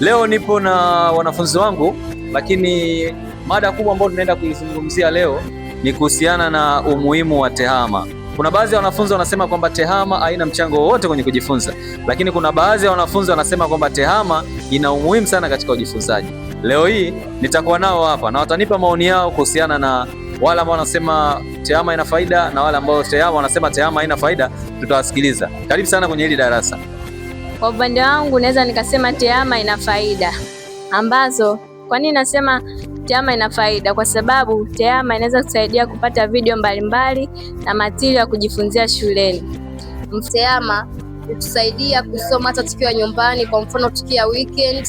Leo nipo na wanafunzi wangu, lakini mada kubwa ambayo tunaenda kuizungumzia leo ni kuhusiana na umuhimu wa tehama. Kuna baadhi ya wanafunzi wanasema kwamba tehama haina mchango wowote kwenye kujifunza, lakini kuna baadhi ya wanafunzi wanasema kwamba tehama ina umuhimu sana katika ujifunzaji. Leo hii nitakuwa nao hapa na watanipa maoni yao kuhusiana na wale ambao wanasema tehama ina faida na wale ambao tehama wanasema tehama haina faida. Tutawasikiliza. Karibu sana kwenye hili darasa. Kwa upande wangu naweza nikasema TEHAMA ina faida ambazo, kwa nini nasema TEHAMA ina faida? Kwa sababu TEHAMA inaweza kusaidia kupata video mbalimbali na matirio ya kujifunzia shuleni. TEHAMA hutusaidia kusoma hata tukiwa nyumbani, kwa mfano tukiwa weekend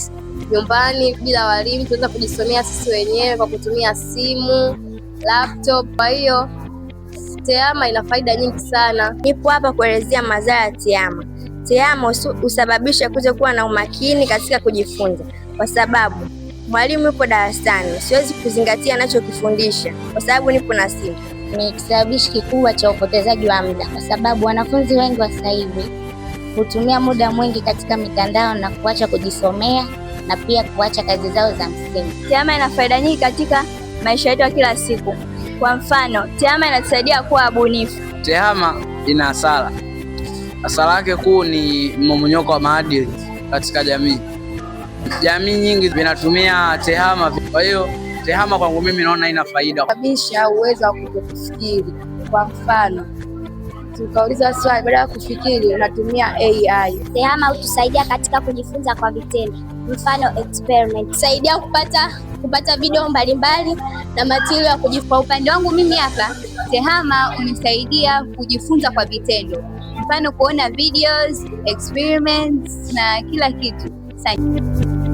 nyumbani bila walimu, tunaweza kujisomea sisi wenyewe kwa kutumia simu, laptop. Kwa hiyo TEHAMA ina faida nyingi sana. Nipo hapa kuelezea madhara ya TEHAMA. Tehama husababisha kutokuwa na umakini katika kujifunza, kwa sababu mwalimu yupo darasani, siwezi kuzingatia anachokifundisha kwa sababu nipo na simu. Ni kisababishi kikubwa cha upotezaji wa muda, kwa sababu wanafunzi wengi wa sasa hivi hutumia muda mwingi katika mitandao na kuacha kujisomea na pia kuacha kazi zao za msingi. Tehama ina faida nyingi katika maisha yetu ya kila siku. Kwa mfano, tehama inatusaidia kuwa wabunifu. Tehama ina hasara Hasara yake kuu ni mmomonyoko wa maadili katika jamii. Jamii nyingi zinatumia tehama, kwa hiyo tehama kwangu mimi naona ina faida kabisa. Uwezo wa kutofikiri. kwa mfano tukauliza swali, baada ya kufikiri unatumia AI. Tehama hutusaidia katika kujifunza kwa vitendo, mfano experiment, saidia kupata kupata video mbalimbali na material ya kujifunza. Kwa upande wangu mimi hapa, tehama unisaidia kujifunza kwa vitendo mfano kuona videos, experiments na kila kitu. Asante.